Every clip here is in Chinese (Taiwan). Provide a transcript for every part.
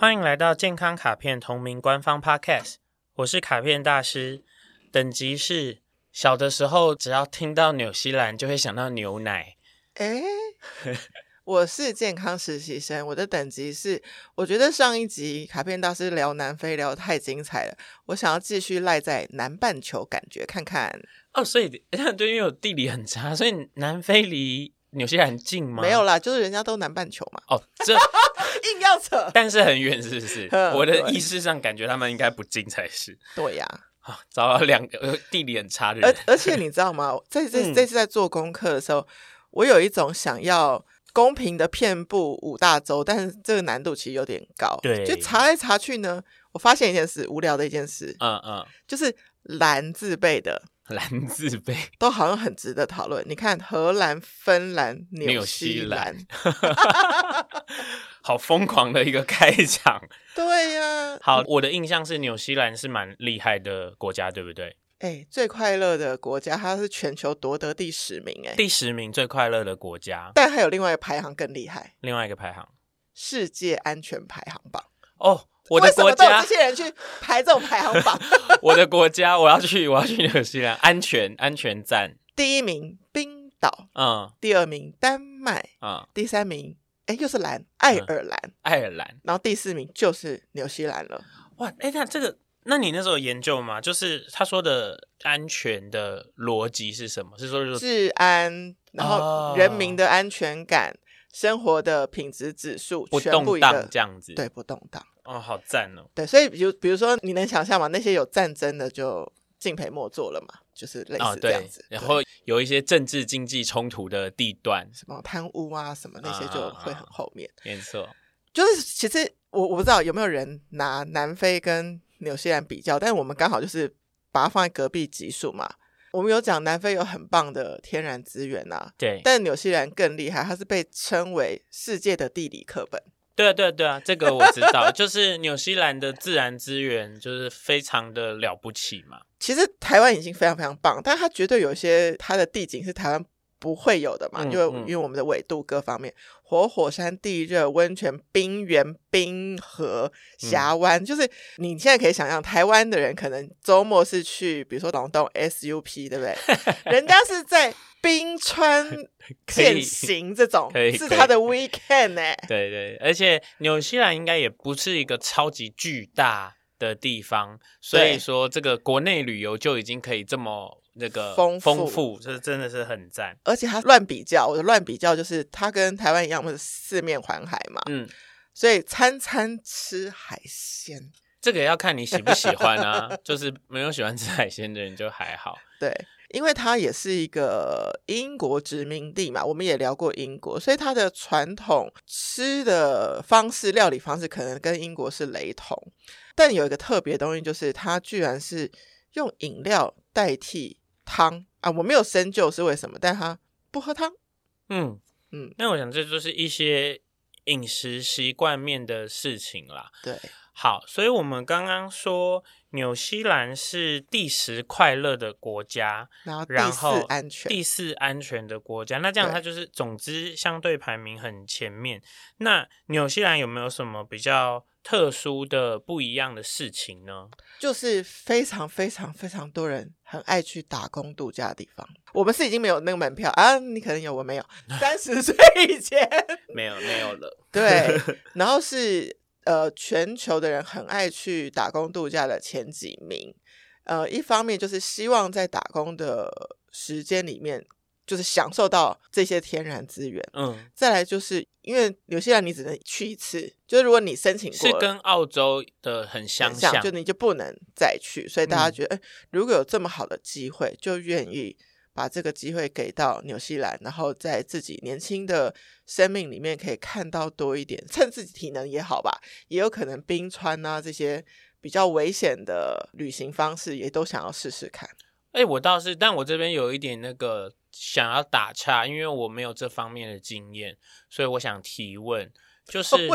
歡迎來到健康卡片同名官方 Podcast，我是卡片大師，等級是小的時候，只要聽到紐西蘭就會想到牛奶。哎誒， 我是健康實習生，我的等級是，我覺得上一集卡片大師聊南非聊得太精彩了，我想要繼續賴在南半球，感覺看看。哦，所以對，因為我地理很差，所以南非離紐西蘭近嗎？沒有啦，就是人家都南半球嘛。哦，這 硬要扯，但是很遠，是不是？ 呵我的意識上感覺他們應該不近才是。對呀、啊，找了兩個地理很差的人。而而且你知道嗎？ 這這這次在做功課的時候，嗯、我有一種想要公平的遍布五大洲，但是這個難度其實有點高。對，就查來查去呢。我發現一件事，無聊的一件事，嗯嗯，嗯，就是蘭字輩的蘭字輩都好像很值得討論。你看，荷蘭、芬蘭、紐西蘭，好瘋狂的一個開場。對呀、啊，好，我的印象是紐西蘭是蠻厲害的國家，對不對？哎、欸，最快樂的國家，它是全球奪得第十名，欸，哎，第十名最快樂的國家。但還有另外一個排行更厲害，另外一個排行，世界安全排行榜哦。我的國家，這些人去排這種排行榜。 我的國家，我要去，我要去紐西蘭，安全，安全站第一名，冰島，嗯，第二名丹麥，嗯，第三名，哎，又是藍，愛爾蘭，嗯、愛爾蘭，然後第四名就是紐西蘭了。哇，哎，那這個，那你那時候有研究嗎？就是他說的安全的邏輯是什麼？是說、就是、治安，然後人民的安全感，哦、生活的品質指數全的，不動盪這樣子，對，不動盪。哦，好讚哦！對，所以，比如，比如說，你能想象嗎？那些有戰爭的，就敬陪末座了嘛，就是類似這樣子。哦、對然後有一些政治經濟衝突的地段，什麼貪污啊，什麼那些就會很後面。嗯嗯、沒錯，就是其實我我不知道有沒有人拿南非跟紐西蘭比較，但是我們剛好就是把它放在隔壁集數嘛。我們有講南非有很棒的天然資源吶、啊，對，但紐西蘭更厲害，它是被稱為世界的地理課本。對啊，對啊，對啊，這個我知道， 就是紐西蘭的自然資源就是非常的了不起嘛。其實台灣已經非常非常棒，但它絕對有些它的地景是台灣不會有的嘛，因為、嗯嗯、因為我們的緯度各方面，活火、火山、地熱、溫泉、冰原、冰河、峽灣，嗯、就是你現在可以想象，台灣的人可能周末是去，比如說龍洞 SUP，對不對？ 人家是在。冰川健行這種是他的 weekend 哎、欸，對，對對，而且紐西蘭應該也不是一個超級巨大的地方，對所以說這個國內旅遊就已經可以這麼那個豐富，豐富就是真的是很讚。而且它亂比較，我的亂比較就是它跟台灣一樣，不是四面環海嘛？嗯，所以餐餐吃海鮮，這個要看你喜不喜歡啊。 就是沒有喜歡吃海鮮的人就還好，對。因為它也是一個英國殖民地嘛，我們也聊過英國，所以它的傳統吃的方式、料理方式可能跟英國是雷同。但有一個特別的東西，就是它居然是用飲料代替湯啊！我沒有深究是為什麼，但它不喝湯。嗯嗯，嗯那我想這就是一些飲食習慣面的事情啦。對。好，所以我們剛剛說，紐西蘭是第十快樂的國家，然後第四安全，第四安全的國家。那這樣它就是，總之相對排名很前面。對那紐西蘭有沒有什麼比較特殊的、不一樣的事情呢？就是非常、非常、非常多人很愛去打工度假的地方。我們是已經沒有那個門票啊，你可能有，我沒有。三十歲以前 沒有，沒有了。對，然後是。呃，全球的人很愛去打工度假的前幾名。呃，一方面就是希望在打工的時間裡面，就是享受到這些天然資源。嗯，再來就是因為有些人你只能去一次，就如果你申請過，是跟澳洲的很相像，很像，就你就不能再去，所以大家覺得，哎、嗯呃，如果有這麼好的機會，就願意、嗯。把這個機會給到紐西蘭，然後在自己年輕的生命裡面可以看到多一點，趁自己體能也好吧，也有可能冰川啊這些比較危險的旅行方式，也都想要試試看。哎、欸，我倒是，但我這邊有一點那個想要打岔，因為我沒有這方面的經驗，所以我想提問，就是也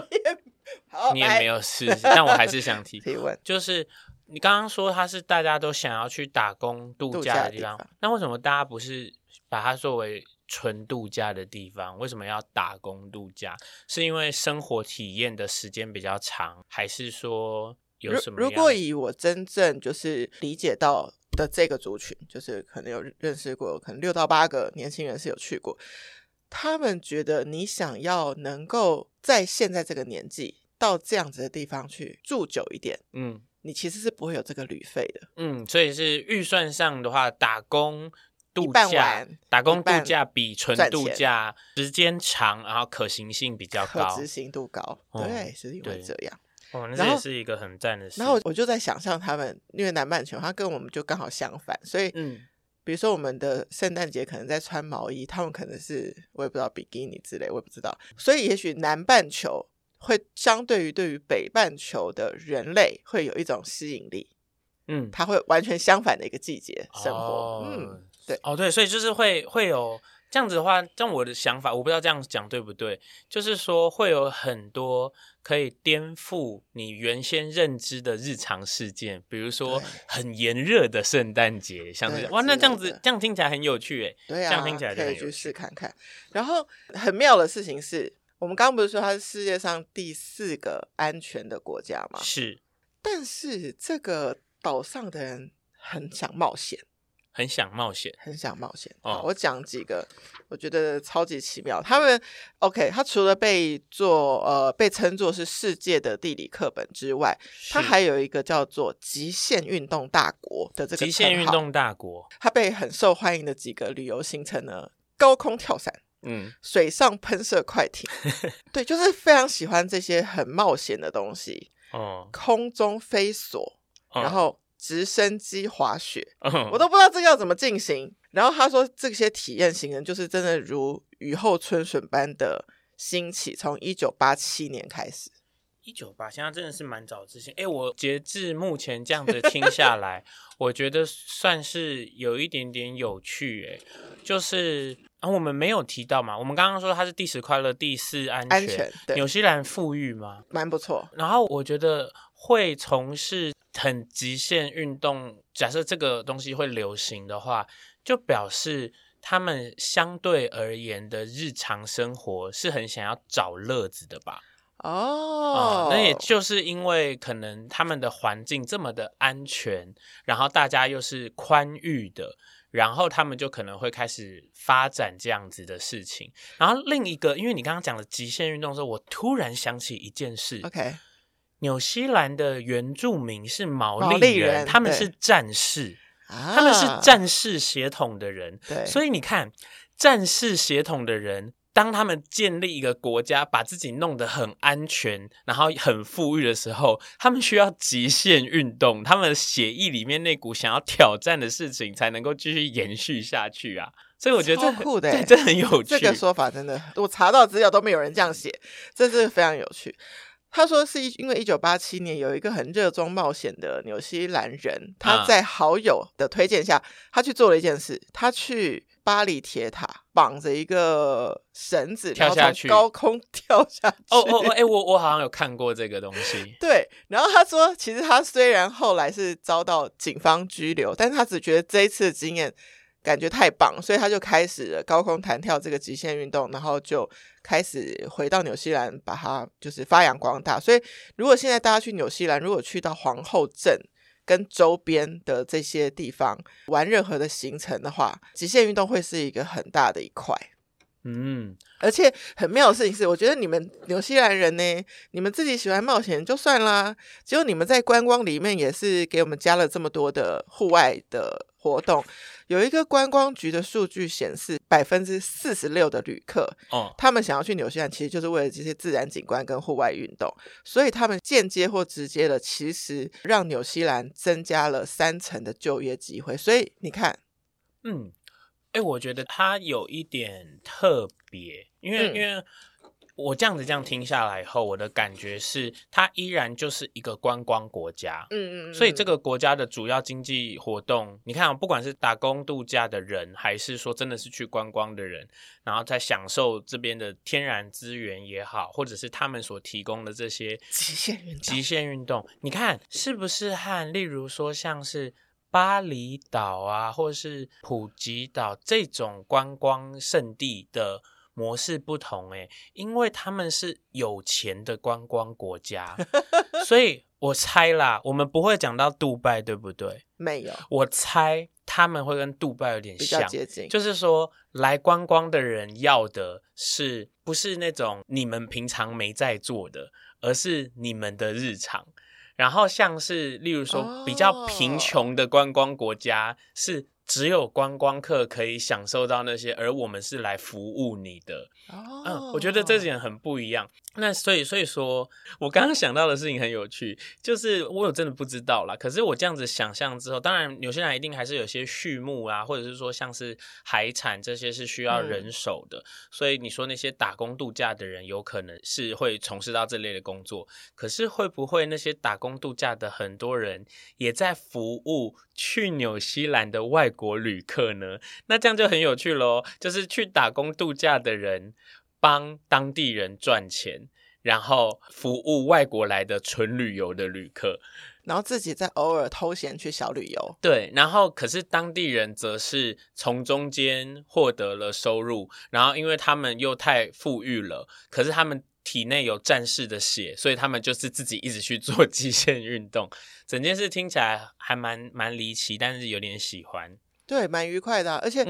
你也沒有試，唉但我還是想提， 提問，就是。你剛剛說它是大家都想要去打工度假的地方，地方。那為什麼大家不是把它作為純度假的地方？為什麼要打工度假？是因為生活體驗的時間比較長，還是說有什麼？如果以我真正就是理解到的這個族群，就是可能有認識過，可能六到八個年輕人是有去過，他們覺得你想要能夠在現在這個年紀到這樣子的地方去住久一點，嗯。你其實是不會有這個旅費的。嗯，所以是預算上的話，打工度假，半打工度假比純度假時間長，然後可行性比較高，可執行度高。哦、對，是因為這樣。對後哦，那這也是一個很贊的事情。然後我就在想象他們，因為南半球它跟我們就剛好相反，所以，嗯，比如說我們的聖誕節可能在穿毛衣，他們可能是我也不知道比基尼之類，我也不知道。所以也許南半球，會相對於對於北半球的人類會有一種吸引力，嗯，它會完全相反的一個季節、哦、生活，嗯，對，哦對，所以就是會會有這樣子的話，像我的想法，我不知道這樣講對不對，就是說會有很多可以顛覆你原先認知的日常事件，比如說很炎熱的聖誕節，對像是哇，那這樣子對這樣聽起來很有趣哎，對啊，這樣聽起來很有趣可以去試看看，然後很妙的事情是。我們剛剛不是說它是世界上第四個安全的國家嗎？是，但是這個島上的人很想冒險，很想冒險，很想冒險。啊，我講幾個，哦、我覺得超級奇妙。他們 OK，他除了被做呃被稱作是世界的地理課本之外，它是還有一個叫做極限運動大國的這個極限運動大國。它被很受歡迎的幾個旅遊行程呢，高空跳傘。嗯，水上噴射快艇， 對，就是非常喜歡這些很冒險的東西。哦，嗯、空中飛索，嗯、然後直升機滑雪，嗯、我都不知道這個要怎麼進行。然後他說，這些體驗型人就是真的如雨後春筍般的興起，從一九八七年開始。一九八，現在真的是蠻早之前。哎、欸，我截至目前這樣子聽下來， 我覺得算是有一點點有趣、欸。哎，就是。啊、我們沒有提到嘛？我們剛剛說它是第十快樂、第四安全、安全。紐西蘭富裕嗎？蠻不錯。然後我覺得會從事很極限運動，假設這個東西會流行的話，就表示他們相對而言的日常生活是很想要找樂子的吧？哦、嗯，那也就是因為可能他們的環境這麼的安全，然後大家又是寬裕的。然後他們就可能會開始發展這樣子的事情。然後另一個，因為你剛剛講了極限運動的時候，我突然想起一件事，OK，紐西蘭的原住民是毛利人，毛利人，他們是戰士，對，他們是戰士血統的人，啊，所以你看，戰士血統的人。當他們建立一個國家，把自己弄得很安全，然後很富裕的時候，他們需要極限運動，他們血液裡面那股想要挑戰的事情才能夠繼續延續下去啊！所以我覺得，對，這很有趣。這個說法真的，我查到資料都沒有人這樣寫，這是非常有趣。他說，是因為一九八七年有一個很熱衷冒險的紐西蘭人，他在好友的推薦下，他去做了一件事，他去巴黎鐵塔。綁着一個繩子，然後從高空跳下去。哦哦，哎、oh, oh, oh, 欸，我我好像有看過這個東西。 對，然後他說，其實他雖然後來是遭到警方拘留，但是他只覺得這一次的經驗感覺太棒，所以他就開始了高空彈跳這個極限運動，然後就開始回到紐西蘭，把它就是發揚光大。所以，如果現在大家去紐西蘭，如果去到皇後鎮。跟周邊的這些地方玩任何的行程的話，極限運動會是一個很大的一塊。嗯，而且很妙的事情是，我覺得你們紐西蘭人呢，你們自己喜歡冒險就算啦，只有你們在觀光裡面也是給我們加了這麼多的戶外的。活動有一個觀光局的數據顯示，百分之四十六的旅客哦，他們想要去紐西蘭，其實就是為了這些自然景觀跟戶外運動，所以他們間接或直接的，其實讓紐西蘭增加了三成的就業機會。所以你看，嗯，誒、欸，我覺得它有一點特別，因為因為。嗯我這樣子這樣聽下來以後，我的感覺是，它依然就是一個觀光國家。嗯，嗯嗯，所以這個國家的主要經濟活動，你看哦，不管是打工度假的人，還是說真的是去觀光的人，然後在享受這邊的天然資源也好，或者是他們所提供的這些極限運動，極限運動，你看是不是和例如說像是巴厘島啊，或者是普吉島這種觀光勝地的。模式不同哎，因為他們是有錢的觀光國家， 所以我猜啦，我們不會講到杜拜，對不對？沒有，我猜他們會跟杜拜有點像。就是說來觀光的人要的是不是那種你們平常沒在做的，而是你們的日常，然後像是例如說、哦、比較貧窮的觀光國家是。只有觀光客可以享受到那些，而我們是來服務你的。哦、嗯，oh, 我覺得這點很不一樣。好那所以，所以說，我剛剛想到的事情很有趣，就是我有真的不知道啦，可是我這樣子想象之後，當然，紐西蘭一定還是有些畜牧啊，或者是說像是海產這些是需要人手的。嗯、所以你說那些打工度假的人有可能是會從事到這類的工作。可是會不會那些打工度假的很多人也在服務去紐西蘭的外國？國旅客呢？那這樣就很有趣嘍。就是去打工度假的人幫當地人賺錢，然後服務外國來的純旅遊的旅客，然後自己再偶爾偷閒去小旅遊。對，然後可是當地人則是從中間獲得了收入，然後因為他們又太富裕了，可是他們體內有戰士的血，所以他們就是自己一直去做極限運動。整件事聽起來還蠻蠻離奇，但是有點喜歡。對，蠻愉快的。啊，而且，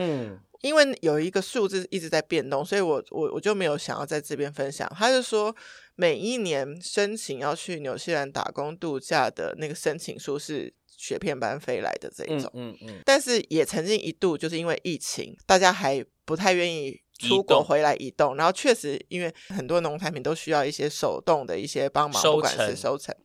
因為有一個數字一直在變動，嗯、所以我我我就沒有想要在這邊分享。他是說，每一年申請要去紐西蘭打工度假的那個申請數是雪片般飛來的這一種，嗯嗯，嗯嗯，但是也曾經一度就是因為疫情，大家還不太願意出國回來移動，移動。然後確實因為很多農產品都需要一些手動的一些幫忙，收成。不管是收成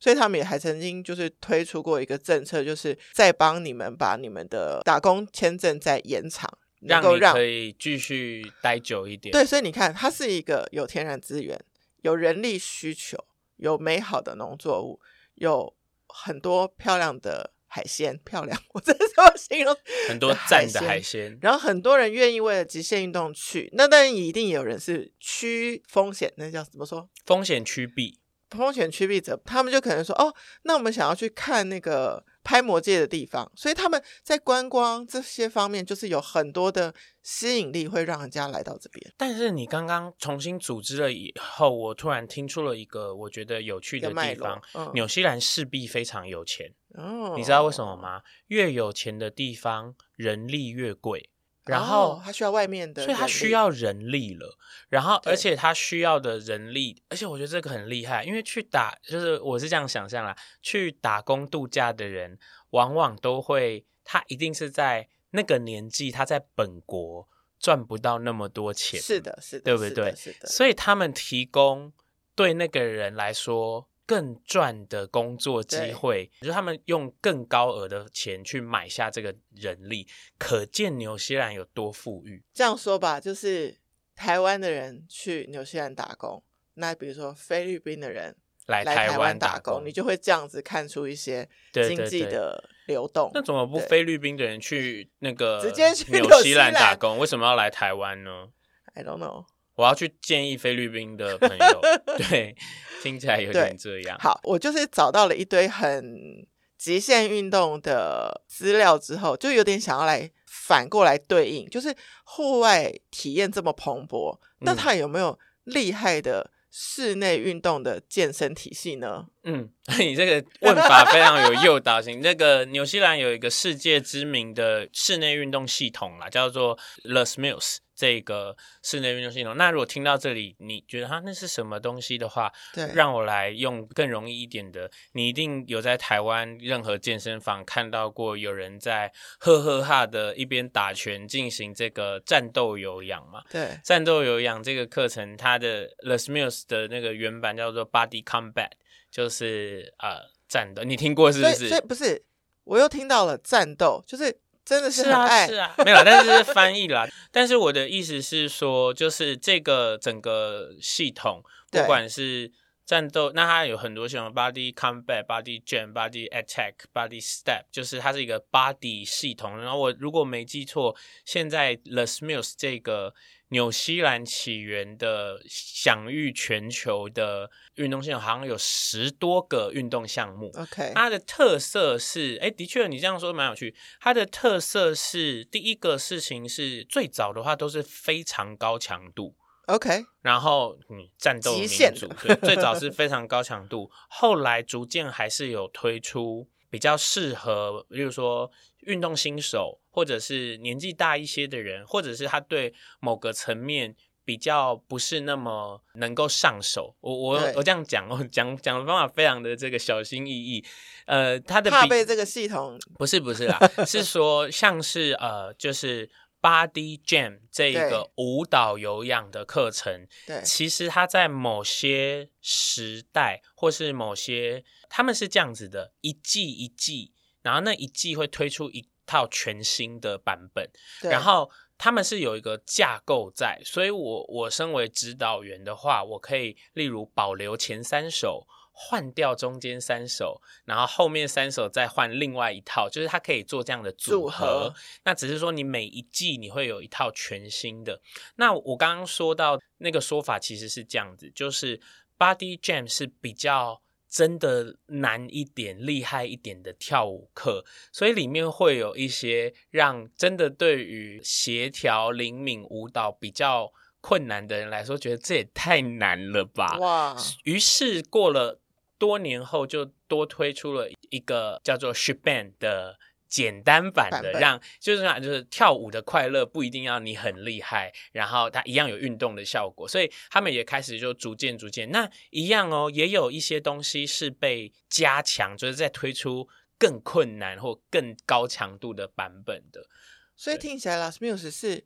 所以他們也還曾經就是推出過一個政策，就是在幫你們把你們的打工簽證再延長，你能夠讓，讓你可以繼續待久一點。對，所以你看，它是一個有天然資源、有人力需求、有美好的農作物、有很多漂亮的海鮮，漂亮，我真的是要形容很多讚的海鮮。然後很多人願意為了極限運動去，那但一定有人是趨風險，那叫怎麼說？風險趨避。風險規避者，他們就可能說：“哦，那我們想要去看那個拍魔戒的地方，所以他們在觀光這些方面就是有很多的吸引力，會讓人家來到這邊。”但是你剛剛重新組織了以後，我突然聽出了一個我覺得有趣的地方，嗯、紐西蘭勢必非常有錢。哦，你知道為什麼嗎？越有錢的地方，人力越貴。然後，哦，他需要外面的人，所以他需要人力了。然後，而且他需要的人力，對而且我覺得這個很厲害，因為去打，就是我是這樣想象啦，去打工度假的人，往往都會，他一定是在那個年紀，他在本國賺不到那麼多錢。是的，是的，對不對？是的，是的。所以他們提供對那個人來說。更賺的工作機會，對就是他們用更高額的錢去買下這個人力，可見紐西蘭有多富裕。這樣說吧，就是台灣的人去紐西蘭打工，那比如說菲律賓的人來台灣打工，打工，你就會這樣子看出一些經濟的流動，對對對。那怎麼不菲律賓的人去那個紐直接去紐西蘭打工，為什麼要來台灣呢？I don't know. 我要去建議菲律賓的朋友， 對，聽起來有點這樣。好，我就是找到了一堆很極限運動的資料之後，就有點想要來反過來對應，就是戶外體驗這麼蓬勃，那它有沒有厲害的室內運動的健身體系呢？嗯，你這個問法非常有誘導性。 那個紐西蘭有一個世界知名的室內運動系統啦，叫做 Les Mills 這個室內運動系統，那如果聽到這裡，你覺得啊，那是什麼東西的話？對讓我來用更容易一點的，你一定有在台灣任何健身房看到過有人在呵呵哈的一邊打拳進行這個戰鬥有氧嘛？對，戰鬥有氧這個課程，它的 Les Mills 的那個原版叫做 Body Combat，就是呃戰鬥，你聽過是不是？所以不是，我又聽到了戰鬥，就是。真的是，是啊，是啊， 沒有，但是，是翻譯了。 但是我的意思是說，就是這個整個系統，不管是戰鬥，那它有很多像 body combat、body jam、body attack、body step，就是它是一個 body 系統。然後我如果沒記錯，現在 Les Mills 這個。紐西蘭起源的、享譽全球的運動系統，好像有十多個運動項目。OK，它的特色是，哎、欸，的確，你這樣說蠻有趣。它的特色是，第一個事情是，最早的話都是非常高強度。OK，然後你戰鬥民族，對，最早是非常高強度， 後來逐漸還是有推出。比較適合，比如說運動新手，或者是年紀大一些的人，或者是他對某個層面比較不是那麼能夠上手。我我對我這樣講，我講講的方法非常的這個小心翼翼。呃，他的怕被這個系統不是不是啊， 是說像是呃就是。Body Jam 這一個舞蹈有氧的課程，對對其實它在某些時代或是某些他們是這樣子的，一季一季，然後那一季會推出一套全新的版本，對然後他們是有一個架構在，所以我我身為指導員的話，我可以例如保留前三首。換掉中間三首，然後後面三首再換另外一套，就是它可以做這樣的組合。組合。那只是說你每一季你會有一套全新的。那我剛剛說到那個說法其實是這樣子，就是 Body Jam 是比較真的難一點、厲害一點的跳舞課，所以裡面會有一些讓真的對於協調、靈敏舞蹈比較困難的人來說，覺得這也太難了吧？哇！於是過了。多年後就多推出了一個叫做 SH'BAM 的簡單版的，版本，讓就是啊，就是跳舞的快樂不一定要你很厲害，嗯、然後它一樣有運動的效果，所以他們也開始就逐漸逐漸那一樣哦，也有一些東西是被加強，就是在推出更困難或更高強度的版本的，所以聽起來 LesMills 是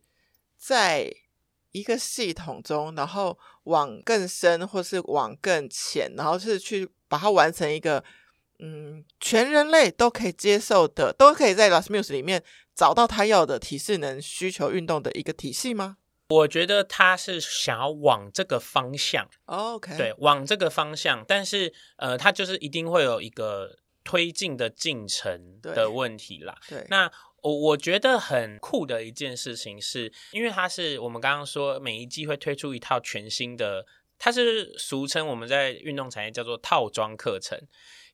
在。一個系統中，然後往更深，或是往更淺，然後是去把它完成一個，嗯，全人類都可以接受的，都可以在 Les Mills 裡面找到他要的體適能需求運動的一個體系嗎？我覺得他是想要往這個方向，Oh, OK，對，往這個方向，但是呃，他就是一定會有一個推進的進程的問題啦，對，對，那。我我覺得很酷的一件事情是。因為它是我們剛剛說，每一季會推出一套全新的，它是俗稱我們在運動產業叫做套裝課程。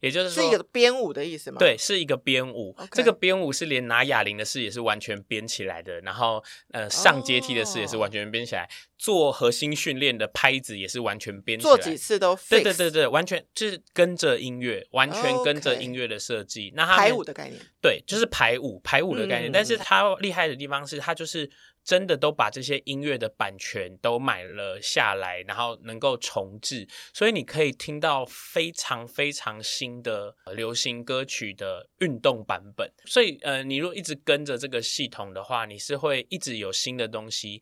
也就是說是一個編舞的意思嗎？對，是一個編舞。Okay. 這個編舞是連拿啞鈴的事也是完全編起來的，然後呃上階梯的事也是完全編起來，oh. 做核心訓練的拍子也是完全編起來。做幾次都廢。對對對對，完全就是跟着音樂，完全跟着音樂的設計。Oh, okay. 那他排舞的概念，對，就是排舞排舞的概念。嗯、但是它厲害的地方是，它就是。真的都把這些音樂的版權都買了下來，然後能夠重製。所以你可以聽到非常非常新的流行歌曲的運動版本。所以，呃，你如果一直跟着這個系統的話，你是會一直有新的東西。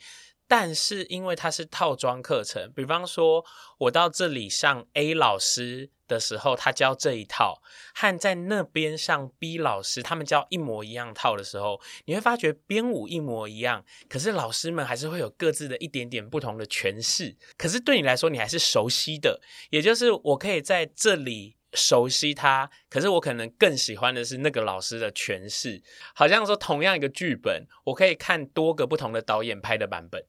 但是因為它是套裝課程，比方說我到這裡上 A 老師的時候，他教這一套，和在那邊上 B 老師，他們教一模一樣套的時候，你會發覺編舞一模一樣，可是老師們還是會有各自的一點點不同的詮釋。可是對你來說，你還是熟悉的，也就是我可以在這裡熟悉它，可是我可能更喜歡的是那個老師的詮釋。好像說同樣一個劇本，我可以看多個不同的導演拍的版本。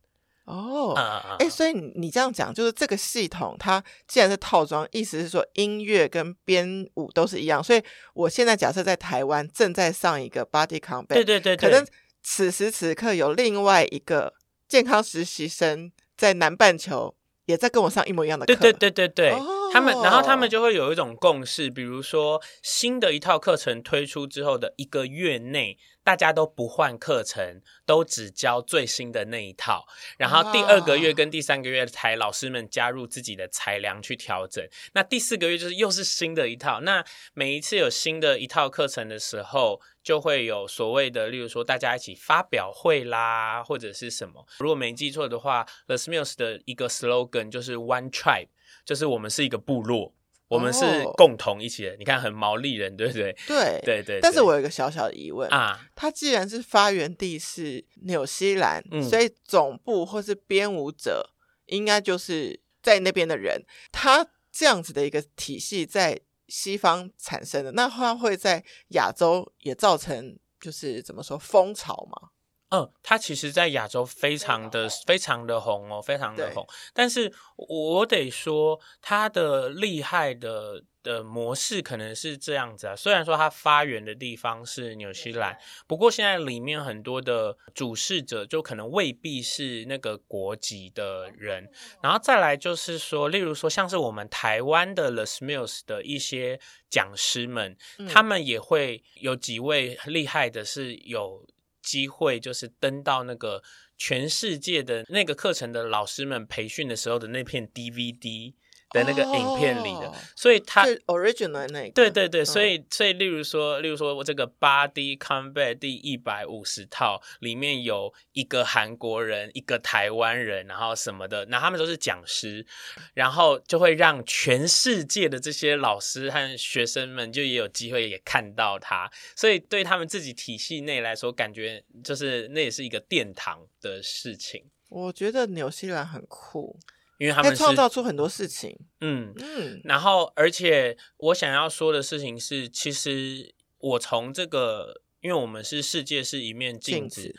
哦，哎、欸，所以你這樣講，就是這個系統它既然是套裝，意思是說音樂跟編舞都是一樣。所以我現在假設在台灣正在上一個 BodyCombat，對，對對對，可能此時此刻有另外一個健康實習生在南半球也在跟我上一模一樣的課，對對對對對，他們然後他們就會有一種共識，比如說新的一套課程推出之後的一個月內。大家都不換課程，都只教最新的那一套，然後第二個月跟第三個月才老師們加入自己的材料去調整。那第四個月就是又是新的一套。那每一次有新的一套課程的時候，就會有所謂的，例如說大家一起發表會啦，或者是什麼。如果沒記錯的話，Les Mills 的一個 slogan 就是 One Tribe，就是我們是一個部落。我們是共同一起的。oh, 你看很毛利人，對不對？對，對對對。但是我有一個小小的疑問啊，它既然是發源地是紐西蘭，嗯，所以總部或是編舞者應該就是在那邊的人，他這樣子的一個體系在西方產生的，那他會在亞洲也造成就是怎麼說風潮嗎？嗯，它其實，在亞洲非常的好好非常的紅哦，非常的紅。對但是我得說，它的厲害的的模式可能是這樣子啊。雖然說它發源的地方是紐西蘭，不過現在裡面很多的主事者就可能未必是那個國籍的人。然後再來就是說，例如說像是我們台灣的 Les Mills 的一些講師們，嗯、他們也會有幾位厲害的，是有。機會就是登到那個全世界的那個課程的老師們培訓的時候的那片 DVD。的那個影片裡的，oh, 所以它 original 那個，對對對，嗯、所以所以例如說，例如說我這個 BodyCombat 第一百五十套裡面有一個韓國人，一個台灣人，然後什麼的，那他們都是講師，然後就會讓全世界的這些老師和學生們就也有機會也看到他，所以對他們自己體系內來說，感覺就是那也是一個殿堂的事情。我覺得紐西蘭很酷。因為他們是創造出很多事情，嗯嗯，然後而且我想要說的事情是，其實我從這個，因為我們是世界是一面鏡子，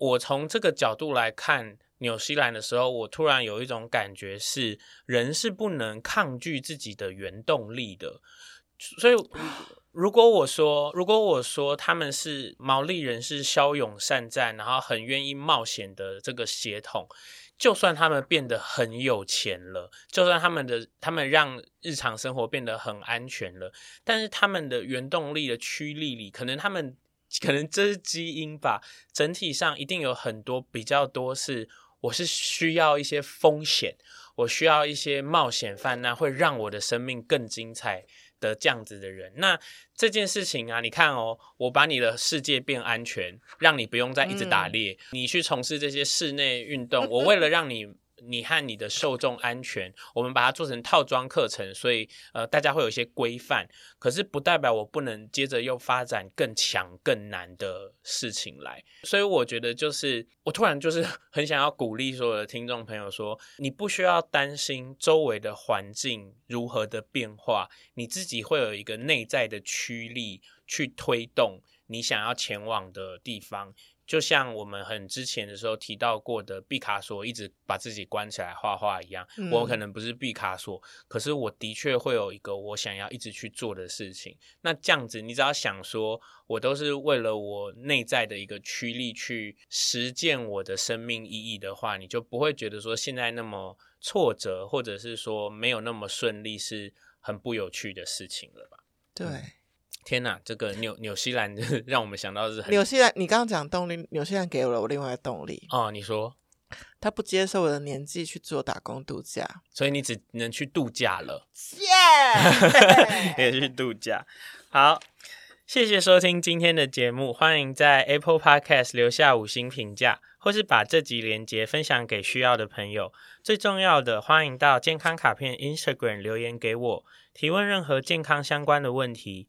我從這個角度來看紐西蘭的時候，我突然有一種感覺是，人是不能抗拒自己的原動力的，所以如果我說，如果我說他們是毛利人是驍勇善戰，然後很願意冒險的這個血統。就算他們變得很有錢了，就算他們的他們讓日常生活變得很安全了，但是他們的原動力的驅力裡，可能他們可能這是基因吧，整體上一定有很多比較多是，我是需要一些風險，我需要一些冒險犯難啊，會讓我的生命更精彩。的這樣子的人，那這件事情啊，你看哦，我把你的世界變安全，讓你不用再一直打獵，嗯、你去從事這些室內運動，Okay. 我為了讓你。你和你的受眾安全，我們把它做成套裝課程，所以呃，大家會有一些規範。可是不代表我不能接着又發展更強、更難的事情來。所以我覺得，就是我突然就是很想要鼓勵所有的聽眾朋友說，說你不需要擔心周圍的環境如何的變化，你自己會有一個內在的驅力去推動你想要前往的地方。就像我們很之前的時候提到過的，畢卡索一直把自己關起來畫畫一樣，嗯、我可能不是畢卡索，可是我的確會有一個我想要一直去做的事情。那這樣子，你只要想說，我都是為了我內在的一個驅力去實踐我的生命意義的話，你就不會覺得說現在那麼挫折，或者是說沒有那麼順利，是很不有趣的事情了吧？對。嗯天吶、啊，這個紐紐西蘭 讓我們想到是紐西蘭。你剛剛講動力，紐西蘭給了我另外的動力。哦，你說？他不接受我的年紀去做打工度假，所以你只能去度假了。耶，Yeah! 也去度假。好，謝謝收聽今天的節目，歡迎在 Apple Podcast 留下五星評價，或是把這集連結分享給需要的朋友。最重要的，歡迎到健康卡片 Instagram 留言給我，提問任何健康相關的問題。